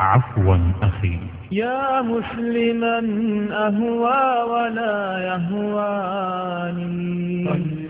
عفوا أخي يا مسلما أهوى ولا يهواني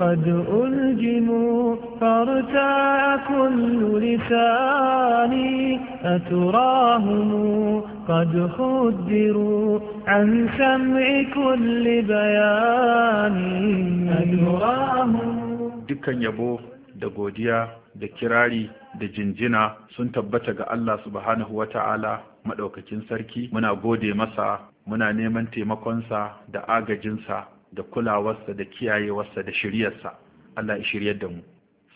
قد ألجموا فارتاع كل لساني أتراهم قد خدروا عن سمع كل بيان أتراهم دكا يبو دقوديا دكراري da jinjina sun tabbata ga Allah subhanahu wa ta'ala madaukakin sarki muna gode masa muna neman taimakonsa da agajinsa da kulawarsa da kiyayewarsa da shiryarsa Allah ya shiryar da mu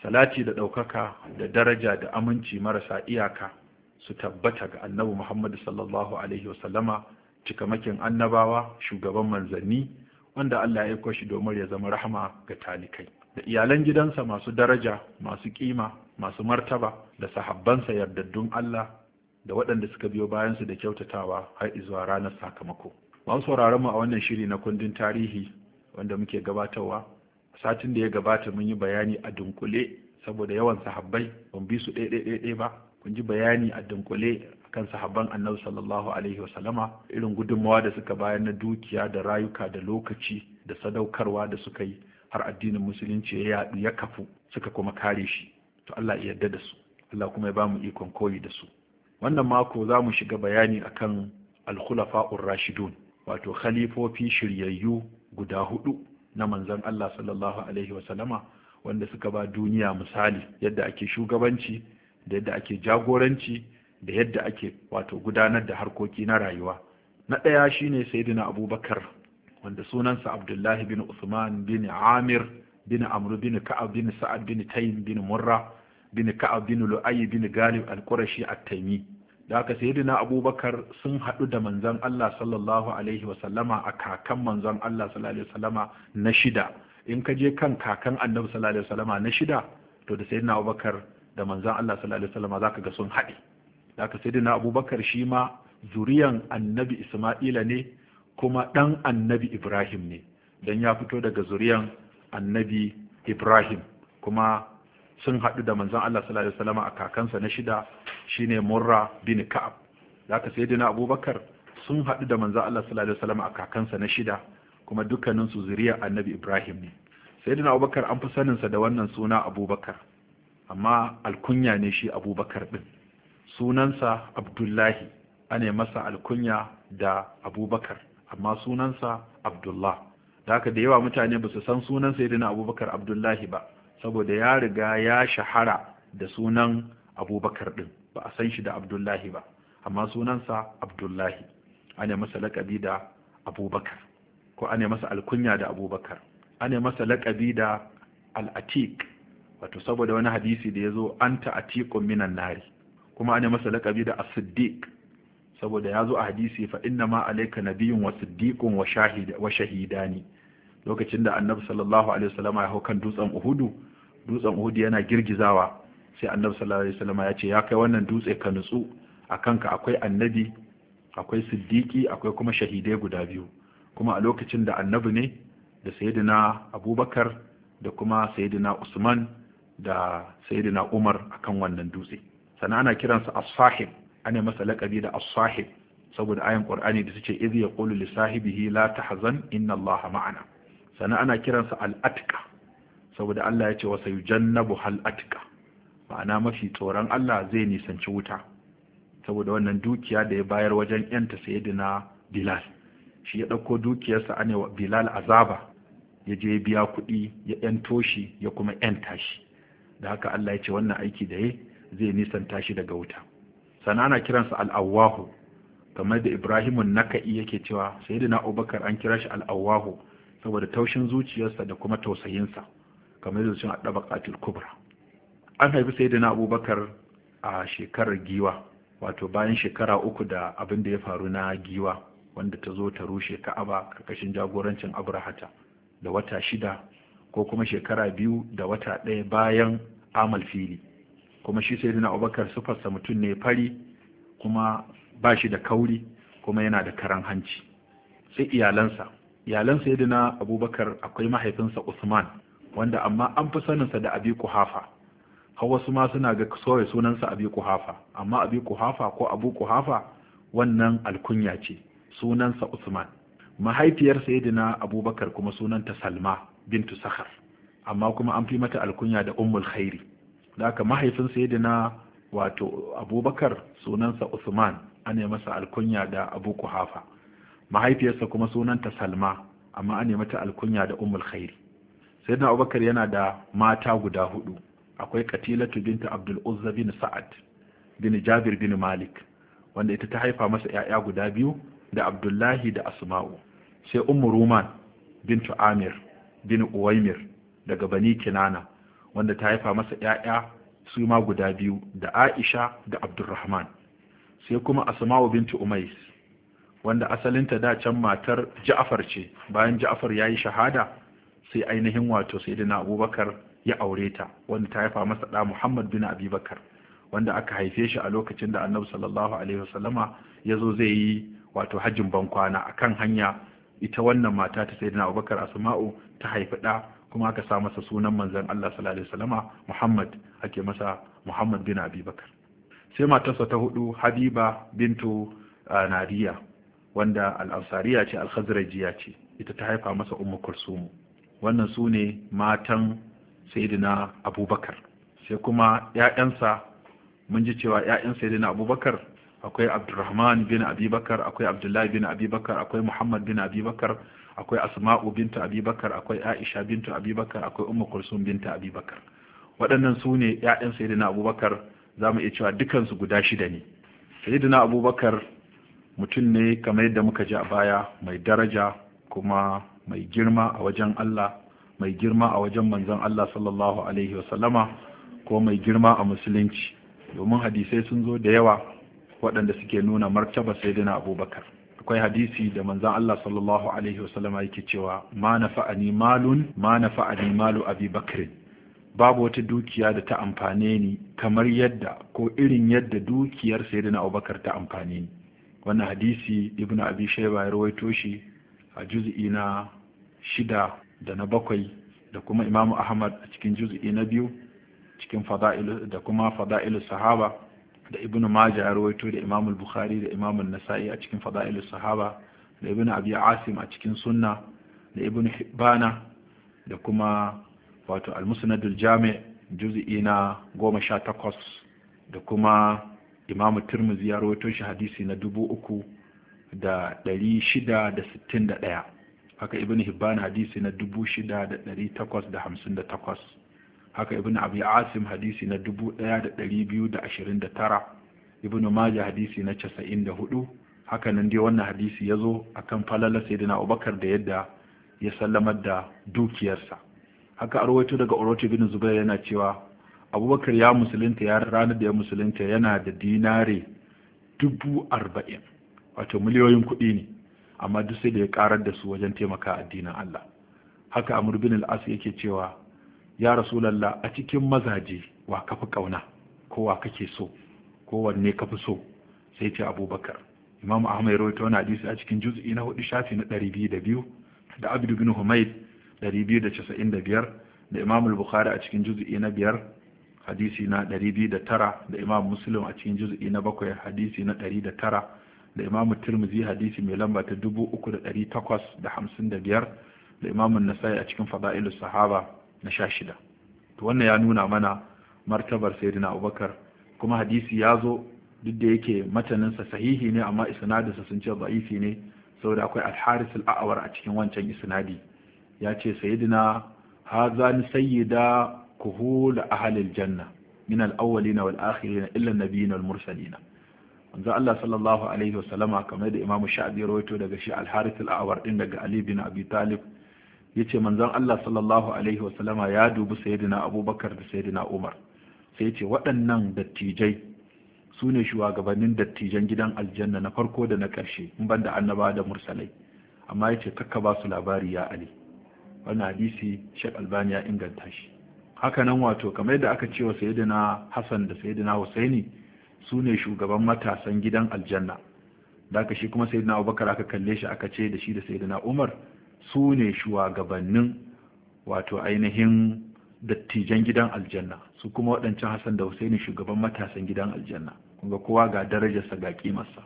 salati da ɗaukaka da daraja da aminci marasa iyaka su tabbata ga annabi Muhammad sallallahu alaihi wasallama cikamakin annabawa shugaban manzanni wanda Allah ya aiko shi domin ya zama rahama ga talikai da iyalan gidansa masu daraja masu kima masu martaba da sahabbansa yardaddun Allah da waɗanda suka biyo bayansu da kyautatawa har izuwa ranar sakamako. Masu sauraron mu a wannan shiri na kundin tarihi wanda muke gabatarwa satin da ya gabata mun yi bayani a dunkule saboda yawan sahabbai ban bi su ɗaya ba kun ji bayani a dunkule kan sahabban annabi sallallahu alaihi wasallama irin gudummawa da suka bayar na dukiya da rayuka da lokaci da sadaukarwa da suka yi har addinin musulunci ya yaɗu ya kafu suka kuma kare shi to Allah ya yarda da su Allah kuma ya bamu ikon koyi da su wannan mako za mu shiga bayani akan al-khulafa'ur rashidun wato khalifofi shiryayyu guda hudu na manzan Allah sallallahu alaihi wasallama wanda suka ba duniya misali yadda ake shugabanci da yadda ake jagoranci da yadda ake wato gudanar da harkoki na rayuwa na ɗaya shine sayyidina abubakar wanda sunansa abdullahi bin usman bin amir bin amru bin ka'ab bin sa'ad bin tayyib bin murra bin ka'ab bin lu'ay bin galib al-qurashi at-taymi da aka sayyidina abubakar sun haɗu da manzan Allah sallallahu alaihi wasallama a kakan manzan Allah sallallahu alaihi wasallama na shida in ka je kan kakan annabi sallallahu alaihi wasallama na shida to da sayyidina abubakar da manzan Allah sallallahu alaihi wasallama zaka ga sun haɗe da aka sayyidina abubakar shi ma zuriyan annabi isma'ila ne kuma ɗan annabi ibrahim ne don ya fito daga zuriyan annabi ibrahim kuma sun haɗu da manzan Allah sallallahu alaihi wasallama a kakansa na shida Shi ne murra bin ka'ab zaka sayyidina abubakar sun haɗu da manzo Allah sallallahu alaihi wasallam a kakansa na shida kuma dukkanin su zuriyar annabi Ibrahim ne Sai sayyidina abubakar an fi sanin sa da wannan suna abubakar amma alkunya ne shi abubakar din sunansa abdullahi ana masa alkunya da abubakar amma sunansa abdullah da haka da yawa mutane ba su san sunan sayyidina abubakar abdullahi ba saboda ya riga ya shahara da sunan abubakar din ba a san shi da abdullahi ba amma sunansa abdullahi ana masa laƙabi da abubakar ko ana masa alkunya da abubakar ana masa laƙabi da al'atik wato saboda wani hadisi da ya zo an ta'atikun minan nari kuma ana masa laƙabi da as saboda ya zo a hadisi fa inna ma alayka nabiyyun wa siddiqun wa shahidani lokacin da annabi sallallahu alaihi ya hau kan dutsen uhudu dutsen uhudu yana girgizawa sai annabi sallallahu alaihi wasallam ya ce ya kai wannan dutse ka nutsu a kanka akwai annabi akwai siddiqi akwai kuma shahidai guda biyu kuma a lokacin da annabi ne da sayyidina abubakar da kuma sayyidina usman da sayyidina umar akan wannan dutse sannan ana kiransa as-sahib ana masa laƙabi da as-sahib saboda ayan qur'ani da tace idh yaqulu li sahibihi la tahzan inna allaha ma'ana sannan ana kiransa al-atqa saboda Allah ya ce wa sayujannabu hal atqa ma'ana mafi tsoron Allah zai nisanci wuta saboda wannan dukiya da ya bayar wajen yanta sayyidina Bilal shi ya ɗauko dukiyarsa ane wa Bilal azaba ya je biya kuɗi ya yanto shi ya kuma yanta tashi. da haka Allah ya ce wannan aiki da ya zai nisanta shi daga wuta sana ana kiransa al'awahu kamar da ibrahim naka'i yake cewa sayyidina Abubakar an kira shi al'awahu saboda taushin zuciyarsa da kuma tausayinsa kamar da sun a ɗabaqatul kubra an haifi na abubakar a shekarar giwa wato bayan shekara uku da abin da ya faru na giwa wanda ta zo ta rushe ka'aba karkashin jagorancin abrahata da wata shida ko kuma shekara biyu da wata ɗaya bayan amal fili kuma shi sai na abubakar sufarsa mutum ne fari kuma ba shi da kauri kuma yana da karan hanci sai iyalansa iyalan sai na abubakar akwai mahaifinsa usman wanda amma an fi saninsa da abi kuhafa har wasu ma suna ga sauya sunansa abi kuhafa amma abi kuhafa ko abu kuhafa wannan alkunya ce sunansa usman mahaifiyar sayyidina abubakar kuma sunanta salma bintu sakhar amma kuma an fi mata alkunya da ummul khairi da haka mahaifin sayyidina wato abubakar sunansa usman ana masa alkunya da abu kuhafa mahaifiyarsa kuma sunanta salma amma ana mata alkunya da ummul khairi sayyidina abubakar yana da mata guda hudu akwai katilatu binta abdul uzza bin sa'ad bin jabir bin malik wanda ita ta haifa masa 'ya'ya guda biyu da abdullahi da asma'u sai ummu ruman bintu amir bin uwaimir daga bani kinana wanda ta haifa masa 'ya'ya su ma guda biyu da aisha da abdurrahman sai kuma asma'u bintu umais wanda asalinta da can matar ja'far ce bayan ja'far ya yi shahada sai ainihin wato sai abubakar ya aure ta wanda ta haifa masa ɗa Muhammad bin Abi Bakar wanda aka haife shi a lokacin da Annabi sallallahu alaihi wasallama ya zo zai yi wato hajjin bankwana kan hanya ita wannan mata ta sayyidina Abubakar Asma'u ta haifi ɗa kuma aka sa masa sunan manzon Allah sallallahu alaihi wasallama Muhammad ake masa Muhammad bin Abi Bakar sai matarsa ta hudu Habiba bintu ah, Nariya wanda al-Ansariya ce al-Khazrajiya ce ita ta haifa masa Ummu Kulsum wannan su ne matan sayyidina abubakar sai kuma ‘ya'yansa mun ji cewa ‘ya'yan sayyidina abubakar akwai abdurrahman bin abubakar akwai abdullahi bin abubakar akwai muhammad bin abubakar akwai asma'u bintu abubakar akwai aisha bintu abubakar akwai ummu kulsum bintu abubakar waɗannan su ne ‘ya'yan sayyidina abubakar za mu iya cewa dukansu guda shida ne sayyidina abubakar mutum ne kamar yadda muka ji a baya mai daraja kuma mai girma a wajen allah mai girma a wajen manzon Allah sallallahu alaihi wasallama ko mai girma a musulunci domin hadisai sun zo da yawa waɗanda suke nuna martaba sayyidina abubakar akwai hadisi da manzon Allah sallallahu alaihi wasallama yake cewa ma nafa'ani malun ma nafa'ani malu abi bakrin babu wata dukiya da ta amfane ni kamar yadda ko irin yadda dukiyar sayyidina abubakar ta amfane ni wannan hadisi ibnu abi shayba ya rawaito shi a juz'i na shida da na bakwai da kuma imamu ahmad a cikin juz'i na biyu cikin da kuma fada'ilu sahaba da ibnu maja ya rawaito da imamu bukhari da imamu nasa'i a cikin fada'ilu sahaba da ibnu abi asim a cikin sunna da ibnu hibbana da kuma wato al-musnadul jami' juz'i na goma sha takwas, da kuma imamu tirmidhi ya rawaito shi hadisi na 3661 haka ibn hibban hadisi na 6858 haka ibn abi asim hadisi na 1229 ibn maja hadisi na 94 haka nan dai wannan hadisi yazo akan falala sayyidina abubakar da yadda ya sallamar da dukiyarsa haka rawaito daga urwatu ibn zubair yana cewa abubakar ya musulunta ya ranar da ya musulunta yana da dinare dubu arba'in wato miliyoyin kuɗi ne amma duk sai da ya karar da su wajen taimaka addinin Allah haka Amr bin al-As yake cewa ya Rasulullah a cikin mazaje wa kafi kauna ko wa kake so ko wanne kafi so sai ce Abubakar Imam Ahmad ta wannan hadisi a cikin juz'i na 4 shafi na 202 da abdu bin Humayd 295 da Imam al-Bukhari a cikin juz'i na biyar hadisi na 209 da Imam Muslim a cikin juz'i na bakwai hadisi na tara. da imamu tirmizi hadisi mai lamba ta 3855 da imamu nasai a cikin fada'ilu sahaba na shida, to wannan ya nuna mana martabar sayyidina abubakar kuma hadisi ya zo duk da yake mataninsa sahihi ne amma isnadinsa sun ce da'ifi ne saboda akwai al-haris awar a cikin wancan isnadi ya ce sayyidina hazan sayyida kuhul ahlil janna min al-awwalina wal akhirin illa an na wal mursalina manzo Allah sallallahu alaihi wasallama kamar da imamu Sha'bi ya rawaito daga shi Al-Harith al-Awar din daga Ali bin Abi Talib yace manzan Allah sallallahu alaihi wasallama ya dubi sayyidina Abubakar da sayyidina Umar sai yace waɗannan dattijai su ne shugabannin dattijan gidan aljanna na farko da na ƙarshe in banda annaba da mursalai amma yace kakka ba su labari ya Ali wannan hadisi Sheikh Albani ya inganta shi haka nan wato kamar yadda aka ce wa sayyidina Hassan da sayyidina Husaini su ne shugaban matasan gidan aljanna da aka shi kuma sayyidina abubakar aka kalle shi aka ce da shi da sayyidina umar su ne shugabannin wato ainihin dattijan gidan aljanna su kuma waɗancan hassan da husaini shugaban matasan gidan aljanna kunga kowa ga darajarsa ga kimarsa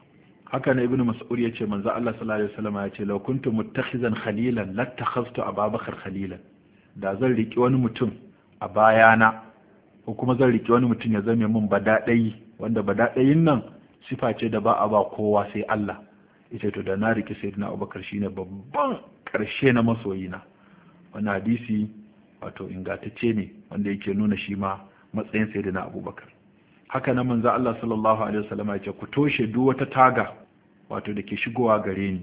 haka na ibnu mas'ud ya ce manzo Allah sallallahu alaihi wasallam ya ce law kuntu muttakhizan khalilan lattakhaztu ababakar khalilan da zan riki wani mutum a bayana ko kuma zan riki wani mutum ya zame min badadai wanda ba daɗayin nan sifa ce da ba a ba kowa sai Allah ita to da na riki sayyidina Abubakar shi ne babban ƙarshe na masoyina Wani hadisi wato ingantacce ne wanda yake nuna shi ma matsayin sayyidina Abubakar haka na manza Allah sallallahu alaihi wasallam ya ce ku toshe duk wata taga wato da ke shigowa gare ni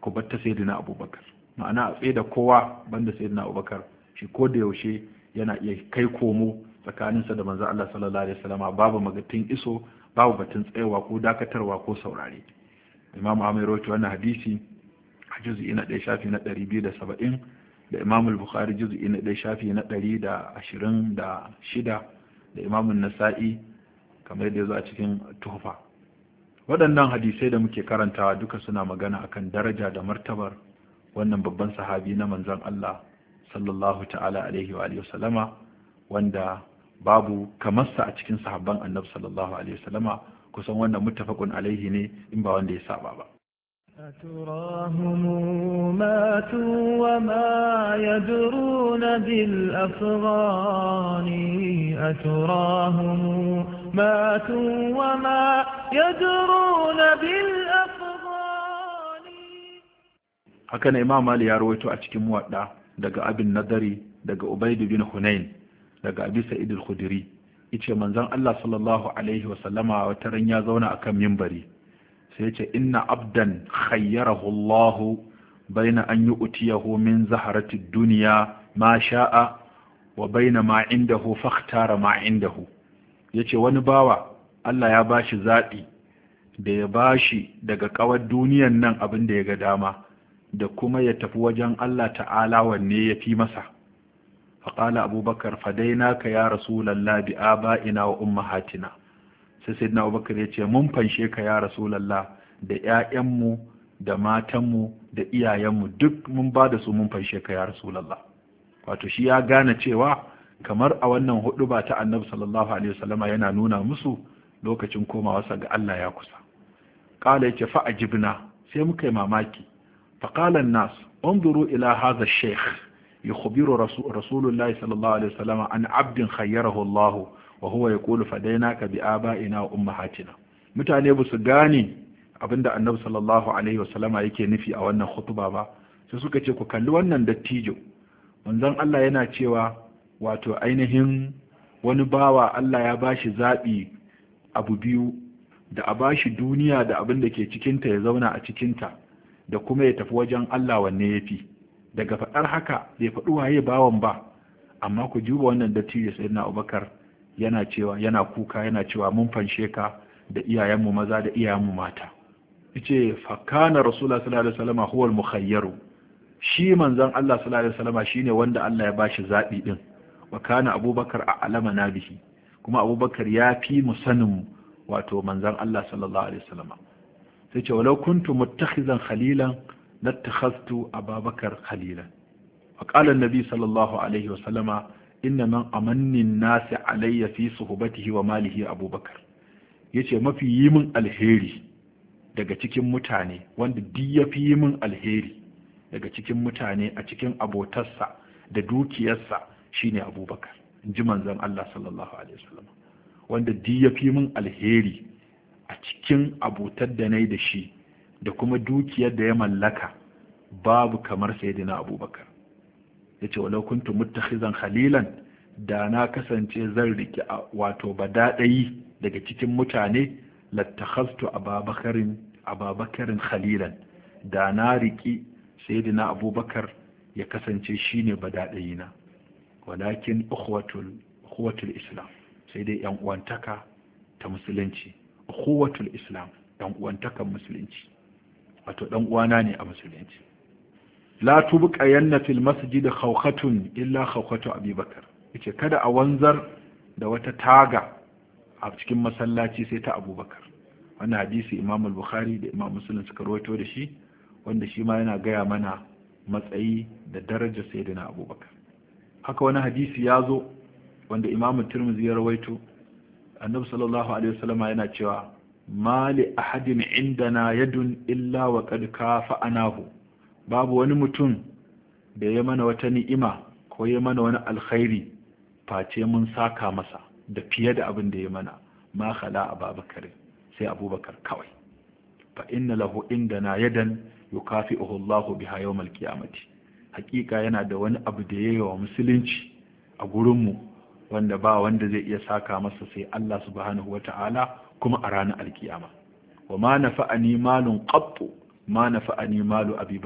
ku bar ta sayyidina Abubakar ma'ana a tsaye da kowa banda sayyidina Abubakar shi ko da yaushe yana iya kai komo tsakaninsa da manzo Allah sallallahu alaihi wasallam babu magatin iso babu batun tsayawa ko dakatarwa ko saurare Imam Ahmad rawaito wannan hadisi a juz'i na 1 shafi na 270 da Imam al-Bukhari juz'i na 1 shafi na 126 da Imam an-Nasa'i kamar yadda ya zo a cikin Tuhfa waɗannan hadisai da muke karantawa duka suna magana akan daraja da martabar wannan babban sahabi na manzon Allah sallallahu ta'ala alaihi wa alihi wasallama wanda babu kamarsa a cikin sahabban annabi sallallahu alaihi wasallama kusan wannan muttafaqun alaihi ne in ba wanda ya saba ba أتراهم ماتوا وما يدرون بالأفغان أتراهم ماتوا وما يدرون بالأفغان هكذا إمام علي يرويته أتكي دقى أبي النذري دقى أبيد بن daga abi sa'id al-khudri yace manzon Allah sallallahu alaihi sallama wata ran ya zauna akan mimbari sai yace inna abdan khayyarahu Allah baina an yu'tiyahu min zaharati dunya ma sha'a wa baina ma indahu fakhtara ma indahu yace wani bawa Allah ya bashi zabi da ya bashi daga kawar duniyan nan abin da ya ga dama da kuma ya tafi wajen Allah ta'ala wanne ya fi masa faƙala abubakar fadainaka ya rasu rasulallah bi ina wa ummahatina sai sayyidina abubakar ya ce mun fanshe ka ya rasu rasulallah da 'ya'yanmu da matanmu da iyayenmu duk mun ba da su mun fanshe ka ya rasulallah wato shi ya gane cewa kamar a wannan hudu ba ta annabi sallallahu alaihi wasallama yana nuna musu lokacin komawarsa ga Allah ya kusa qala yace fa jibna, sai muka yi mamaki fa qala an-nas unzuru ila hadha ash yukhbiru rasulullahi sallallahu alaihi wasallam an abdin khayyarahu Allah wa huwa yaqulu fadainaka bi aba'ina wa ummahatina mutane ba su gane abinda annabi sallallahu alaihi yake nufi a wannan khutba ba sai suka ce ku kalli wannan dattijo manzon Allah yana cewa wato ainihin wani bawa Allah ya bashi zabi abu biyu da a bashi duniya da abin da ke cikinta ya zauna a cikinta da kuma ya tafi wajen Allah wanne yafi daga faɗar haka bai faɗi waye bawan ba amma ku juba wannan dattijo sayyidina abubakar yana cewa yana kuka yana cewa mun fanshe ka da iyayenmu maza da iyayenmu mata yace fa kana rasulullah sallallahu alaihi wasallam huwa mukhayyaru shi manzon Allah sallallahu alaihi wasallam shine wanda Allah ya bashi zabi din wa kana abubakar a alama na bihi kuma abubakar ya fi mu sanin wato manzon Allah sallallahu alaihi wasallam sai ce walau kuntu muttakhidan khalilan لاتخذت أبا بكر خليلا وقال النبي صلى الله عليه وسلم إن من أمن Malihi, Abubakar, yace mafi yi min alheri daga cikin mutane wanda duk ya fi yi min alheri daga cikin mutane a cikin abotarsa da dukiyarsa shine abubakar in ji manzon Allah sallallahu alaihi wasallam wanda duk ya fi min alheri a cikin abotar da nayi da shi da kuma dukiyar da ya mallaka babu kamar sayyidina abubakar ya ce walau kuntu muttakhizan khalilan da na kasance zan riki wato badadayi daga cikin mutane lattakhaztu ababakarin ababakarin khalilan da na riki sayyidina abubakar ya kasance shine badadayi na walakin ukhuwatul ukhuwatul islam sai dai yan uwantaka ta musulunci ukhuwatul islam yan uwantakan musulunci wato dan uwana ne a musulunci la tubqa yanna fil masjid khawkhatun illa khawkhatu abubakar yace kada a wanzar da wata taga a cikin masallaci sai ta abubakar wannan hadisi imam al-bukhari da imam muslim suka rawaito da shi wanda shi ma yana gaya mana matsayi da daraja sayyidina abubakar haka wani hadisi ya zo wanda imam tirmidhi ya rawaito annabi sallallahu alaihi wasallama yana cewa Mali li ahadin indana yadun illa wa qad fa'a'nahu, babu wani mutum da ya mana wata ni'ima ko ya mana wani alkhairi face mun saka masa da fiye da abin da ya mana ma khala abubakar sai abubakar kawai fa inna lahu na yadan yukafi'uhu Allahu biha yawmal qiyamati hakika yana da wani abu da yayi wa musulunci a gurinmu wanda ba wanda zai iya saka masa sai Allah subhanahu wata'ala kuma a ranar alkiyama wa ma nafa'ani malun qattu ma nafa'ani malu abi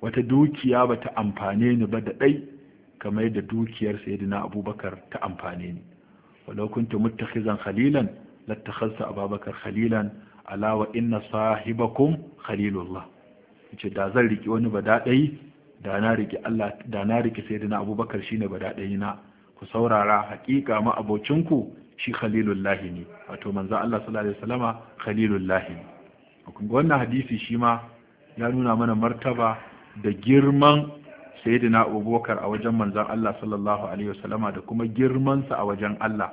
wata dukiya bata amfane ni ba da ɗai? kamar yadda dukiyar saidina abubakar ta amfane ni walau kuntu khalilan lattakhazta abubakar khalilan alawa inna sahibakum khalilullah yace da zan riki wani ba da da na riki Allah da na riƙe sayyidina abubakar shine ba na ku saurara haƙiƙa ma abocinku shi khalilullahi ne wato manzo Allah sallallahu alaihi wasallama khalilullahi ne kun ga wannan hadisi shi ma ya nuna mana martaba da girman sayyidina Abubakar a wajen manzo Allah sallallahu alaihi wasallama da kuma girman sa a wajen Allah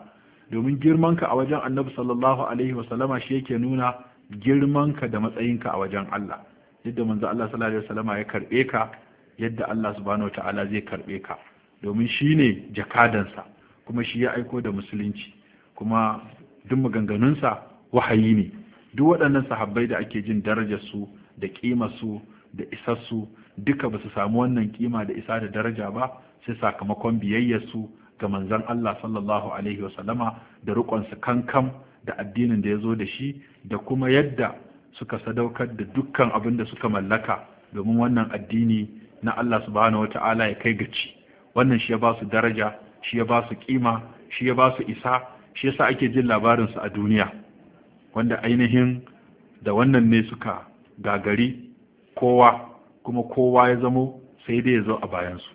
domin girman ka a wajen Annabi sallallahu alaihi wasallama shi yake nuna girman ka da matsayin ka a wajen Allah yadda manzo Allah sallallahu alaihi wasallama ya karbe ka yadda Allah subhanahu wataala zai karbe ka domin shine jakadansa kuma shi ya aiko da musulunci kuma duk maganganunsa wahayi ne duk waɗannan sahabbai da ake jin darajarsu da ƙimarsu da isarsu duka ba su samu wannan ƙima da isa da daraja ba sai sakamakon biyayyarsu ga manzon Allah sallallahu alaihi wasallama da riƙonsu kankan da addinin da ya zo da shi da kuma yadda suka sadaukar da dukkan abin da suka mallaka domin wannan addini na Allah subhanahu wata'ala ya kai gaci wannan shi ya ba su daraja shi ya ba su kima shi ya ba su isa shi yasa ake jin labarinsu a duniya wanda ainihin da wannan ne suka gagari kowa kuma kowa ya zamo sai dai ya zo a bayansu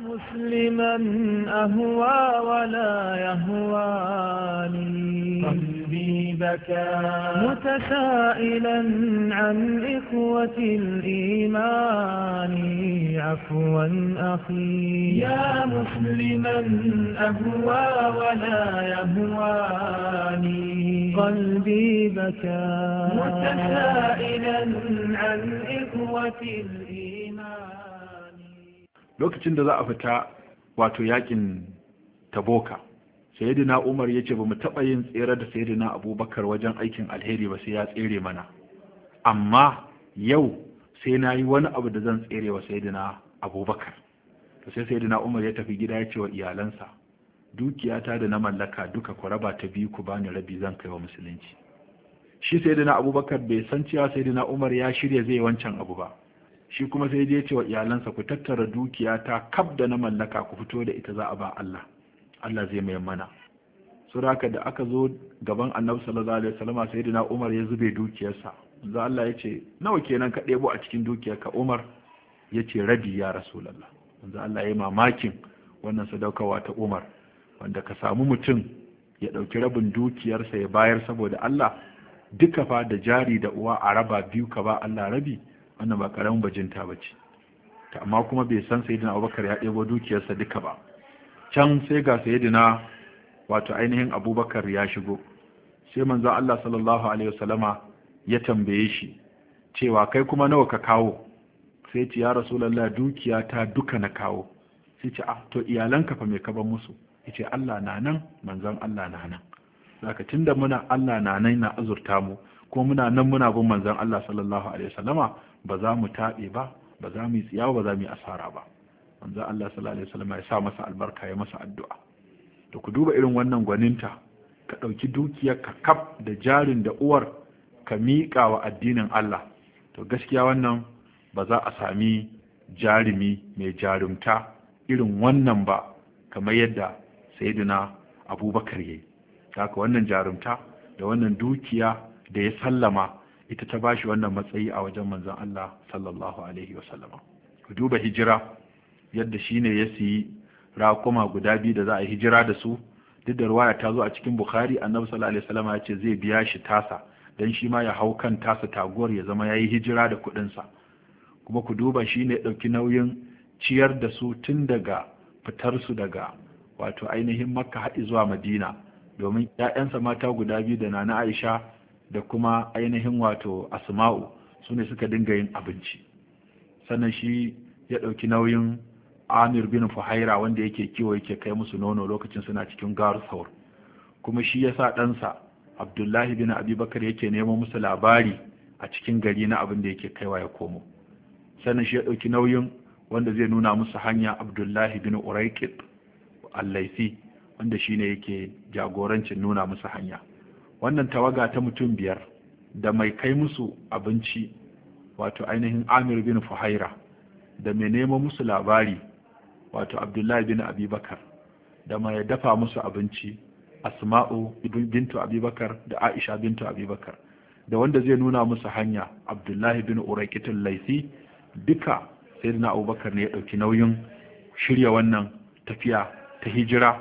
musliman مسلما wala yahuwa ni bi baka mutasailan an ikwatil imani. عفوا أخي يا مسلما أهوى ولا يهواني قلبي بكى متسائلا عن إخوة الإيمان لوكتين دا أفتا واتو ياكن تبوكا sayyidina umar ya ce ba taɓa yin tsere da sayyidina abubakar wajen aikin alheri ba sai ya tsere mana amma yau sai na yi wani abu da zan tsere wa sayyidina abubakar to sai sayyidina umar ya tafi gida ya ce wa iyalansa dukiyata da na mallaka duka ku raba ta biyu ku bani rabi zan kai wa musulunci shi sayyidina abubakar bai san cewa sayyidina umar ya shirya zai wancan abu ba shi kuma sai ya ce wa iyalansa ku tattara dukiyata kab da na mallaka ku fito da ita za a ba Allah Allah zai mai mana suraka da aka zo gaban annabi sallallahu alaihi wasallam sayyidina umar ya zube dukiyarsa za Allah ya ce nawa kenan ka ɗebo a cikin dukiyarka umar ya ce rabi ya rasulallah wanda Allah ya mamakin wannan sadaukawa ta umar wanda ka samu mutum ya ɗauki rabin dukiyarsa ya bayar saboda Allah duka fa da jari da uwa a raba biyu ka ba Allah rabi wannan ba karamin bajinta ba ce amma kuma bai san sayidina abubakar ya ɗebo dukiyarsa duka ba can sai ga sayidina wato ainihin abubakar ya shigo sai manzo Allah sallallahu alaihi wasallama ya tambaye shi cewa kai kuma nawa ka kawo sai ce ya rasu lalla dukiya ta duka na kawo sai ce a ah, to iyalanka fa mai ka ban musu ce Allah na nan manzan Allah na nan zaka da muna Allah na nan na azurta mu ko muna nan muna bin manzan Allah sallallahu alaihi wasallama ba za mu taɓe ba ba za mu yi tsiya ba za mu yi asara ba Manzan Allah sallallahu alaihi wasallama ya sa masa albarka ya masa addu'a to ku duba irin wannan gwaninta ka ɗauki dukiyar ka kaf da jarin da uwar ka miƙa wa addinin Allah to gaskiya wannan ba za a sami jarumi mai jarumta irin wannan ba kamar yadda sayyidina abubakar yayi haka wannan jarumta da wannan dukiya da ya sallama ita ta bashi wannan matsayi a wajen manzon Allah sallallahu alaihi wasallama ku duba hijira yadda shine ya siyi rakuma guda biyu da za a hijira da su duk da ruwaya ta zo a cikin bukhari annabi sallallahu alaihi wasallama ya ce zai biya shi tasa dan shi ma ya hau kan tasa taguwar ya zama ya yi hijira da kuɗinsa kuma ku duba shi ne ɗauki nauyin ciyar da su tun daga fitar su daga wato ainihin makka haɗi zuwa madina domin ‘ya'yansa mata guda biyu da nana aisha da kuma ainihin wato asma'u su ne suka dinga yin abinci sannan shi ya ɗauki nauyin amir bin fuhaira wanda yake kiwo yake kai musu nono lokacin suna cikin garsaur kuma shi ya sa ɗansa abdullahi bin abubakar yake nemo musu labari a cikin gari na abin da yake kaiwa ya komo sannan shi ya ɗauki nauyin wanda zai nuna musu hanya abdullahi bin uraikid allaifi wanda shi ne yake jagorancin nuna musu hanya wannan tawaga ta mutum biyar da mai kai musu abinci wato ainihin amir bin fuhaira da mai nemo musu labari wato abdullahi bin abubakar da mai dafa musu abinci asma'u bintu abubakar da aisha bintu abubakar da wanda zai nuna musu hanya abdullahi bin uraikitin laifi duka sai na abubakar ne ya ɗauki nauyin shirya wannan tafiya ta hijira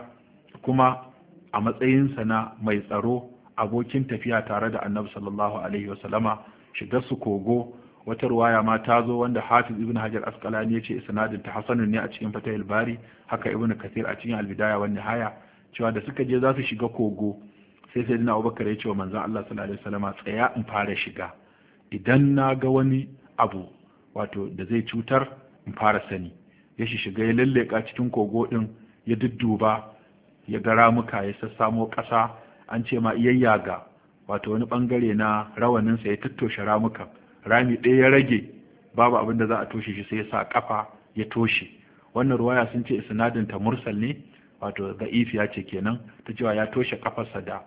kuma a matsayinsa na mai tsaro abokin tafiya tare da annabi sallallahu alaihi wasallama shigar su kogo wata ruwaya ma ta zo wanda hafiz ibn hajar askalani ya ce isnadin ta hasanun ne a cikin fatahil bari haka ibn kathir a cikin albidaya wa nihaya cewa da suka je za su shiga kogo sai sai dina abubakar ya ce wa manzon allah sallallahu alaihi wasallama tsaya in fara shiga idan na ga wani abu wato da zai cutar in fara sani ya shiga ya lalleka cikin kogo din ya dudduba ya ga ramuka ya sassamo ƙasa an ce ma ga wato wani bangare na rawaninsa ya tattoshe ramukan rami ɗaya ya rage babu abin da za a toshe shi sai ya sa ƙafa ya toshe wannan ruwaya sun ce isnadin ta mursal ne wato ga ya ce kenan ta cewa ya toshe kafarsa da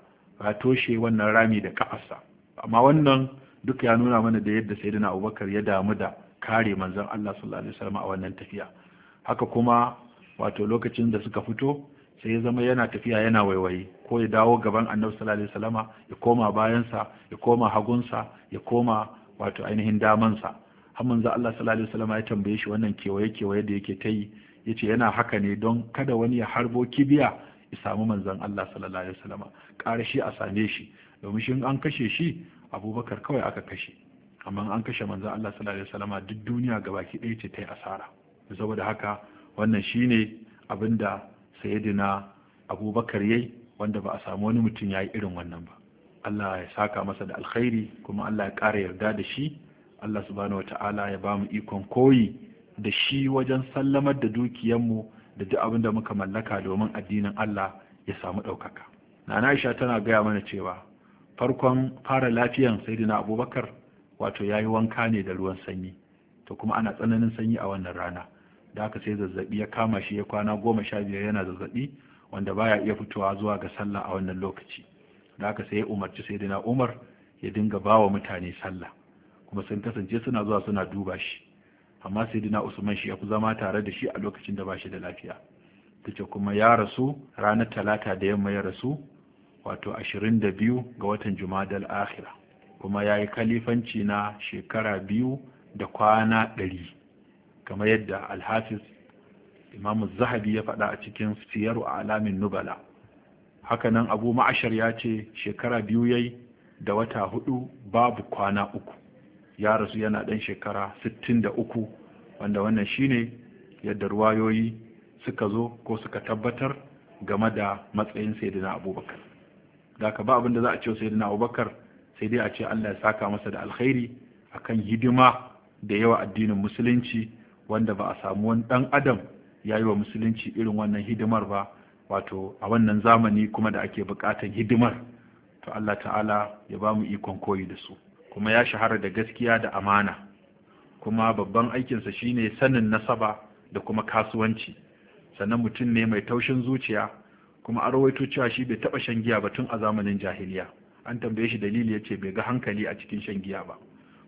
ya toshe wannan rami da kafarsa amma wannan duk ya nuna mana da yadda sayyidina Abubakar ya damu da kare manzon Allah sallallahu alaihi wasallam a wannan tafiya haka kuma wato lokacin da suka fito sai ya zama yana tafiya yana waiwaye ko ya dawo gaban annabi sallallahu alaihi wasallama ya koma bayansa ya koma hagunsa ya koma wato ainihin damansa har manzo Allah sallallahu alaihi wasallama ya tambaye shi wannan kewaye kewaye da yake ta yi yace yana haka ne don kada wani ya harbo kibiya ya samu manzon Allah sallallahu alaihi wasallama ƙara shi a same shi domin shi an kashe shi Abubakar kawai aka kashe amma an kashe manzan Allah sallallahu alaihi wasallama duk duniya gabaki ɗaya ce ta yi asara saboda haka wannan shine abinda sayyidina abubakar yayi wanda ba a samu wani mutum ya yi irin wannan ba Allah ya saka masa da alkhairi kuma Allah ya ƙara yarda da shi Allah subhanahu wata'ala ya ba mu ikon koyi da shi wajen sallamar da mu da duk abin da muka mallaka domin addinin Allah ya samu ɗaukaka. Nana Aisha tana gaya mana cewa farkon fara lafiyan Sayyidina Abubakar wato ya yi wanka ne da ruwan sanyi to kuma ana tsananin sanyi a wannan rana da aka sai zazzabi ya kama shi ya kwana goma sha biyar yana zazzabi wanda baya iya fitowa zuwa ga sallah a wannan lokaci da aka sai ya umarci sai dina umar ya dinga ba wa mutane sallah kuma sun kasance suna zuwa suna duba shi amma sai dina usman shi ya fi zama tare da shi a lokacin da ba shi da lafiya Ta ce kuma ya rasu ranar talata da yamma ya rasu wato ashirin da biyu ga watan juma'a Ahira. kuma ya yi kalifanci na shekara biyu da kwana ɗari kamar yadda alhafiz imamu zahabi ya faɗa a cikin siyaru a alamin nubala hakanan abu ma'ashar ya ce shekara biyu yayi da wata hudu babu kwana uku ya rasu yana ɗan shekara sittin da uku. wanda wannan shine yadda ruwayoyi suka zo ko suka tabbatar game da matsayin sayyidina abubakar da ka ba abin da za a ce sayyidina abubakar sai dai a ce Allah ya saka masa da alkhairi kan hidima da yawa addinin musulunci wanda ba a samu wani dan adam ya yi wa musulunci irin wannan hidimar ba wato a wannan zamani kuma da ake buƙatar hidimar to Allah ta'ala ya ba mu ikon koyi da su kuma ya shahara da gaskiya da amana kuma babban aikinsa shine sanin nasaba da kuma kasuwanci sannan mutum ne mai taushin zuciya kuma a rawaito cewa shi bai taɓa shan giya ba tun a zamanin jahiliya an tambaye shi dalili yace bai ga hankali a cikin shan giya ba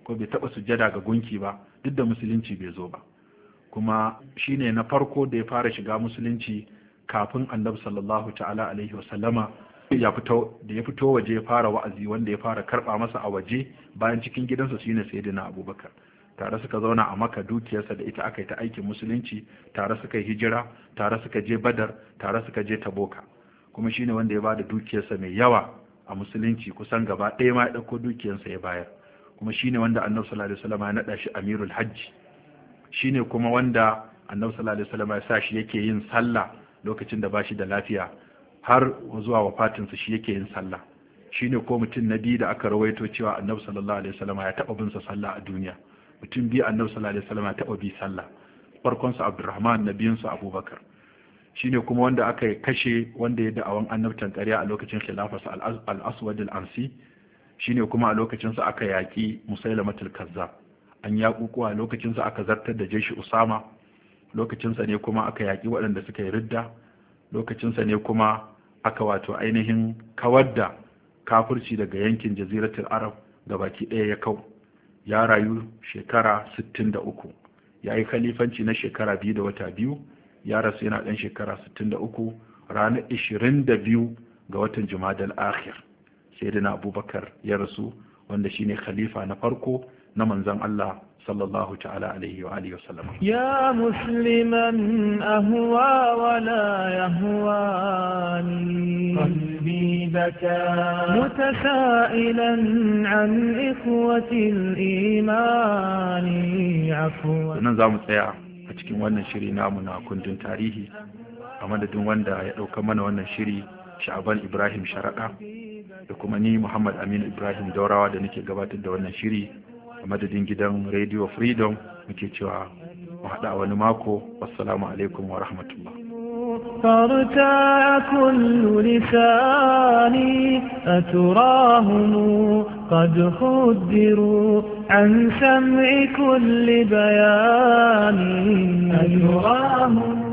ko bai taba sujjada ga gunki ba duk da musulunci bai zo ba kuma shine na farko da ya fara shiga musulunci kafin annabi sallallahu ta'ala alaihi wasallama ya fito da ya fito waje ya fara wa'azi wanda ya fara karba masa a waje bayan cikin gidansa shine sayyidina abubakar tare suka zauna a maka dukiyarsa da ita aka yi ta aikin musulunci tare suka yi hijira tare suka je badar tare suka je taboka kuma shine wanda ya bada dukiyarsa mai yawa a musulunci kusan gaba ɗaya ma ya ɗauko dukiyarsa ya bayar kuma shine wanda annabi sallallahu alaihi wasallam ya naɗa shi amirul hajji shine kuma wanda annabi sallallahu alaihi wasallam ya sa shi yake yin sallah lokacin da bashi da lafiya har zuwa wafatinsa shi yake yin sallah shine ko mutum na biyu da aka rawaito cewa annabi sallallahu alaihi wasallam ya taɓa bin sa sallah a duniya mutum biyu annabi sallallahu alaihi wasallam ya taɓa bi sallah farkon sa abdurrahman nabiyin sa abubakar shine kuma wanda aka kashe wanda ya da'awan annabtan ƙarya a lokacin khilafarsa al Amsi. Shi ne shine kuma a lokacinsa aka yaki musailamatul kazzab an yaƙuƙu a lokacinsa aka zartar da jeshi usama Lokacinsa ne kuma aka yaƙi waɗanda suka yi ridda Lokacinsa ne kuma aka wato ainihin kawar da kafirci daga yankin jaziratul arab baki ɗaya ya kau ya rayu shekara sittin 63 ya yi khalifanci na shekara biyu da wata biyu ya rasu yana ɗan shekara 63 ranar 22 ga watan jumadal akhir sayyidina abubakar ya rasu wanda shine khalifa na farko na manzon Allah sallallahu ta'ala alaihi wa alihi wasallam ya musliman ahwa wa la yahwani qalbi baka mutasailan an ikhwati al-iman afwan nan zamu tsaya cikin wannan shiri namu na kundin tarihi a madadin wanda ya ɗauka mana wannan shiri sha'aban ibrahim sharaɗa da kuma ni muhammad aminu ibrahim daurawa da nake gabatar da wannan shiri a madadin gidan radio freedom muke cewa mu haɗa wani mako wassalamu alaikum wa rahmatullah ترتاع كل لساني أتراهم قد خدروا عن سمع كل بيان أجراهم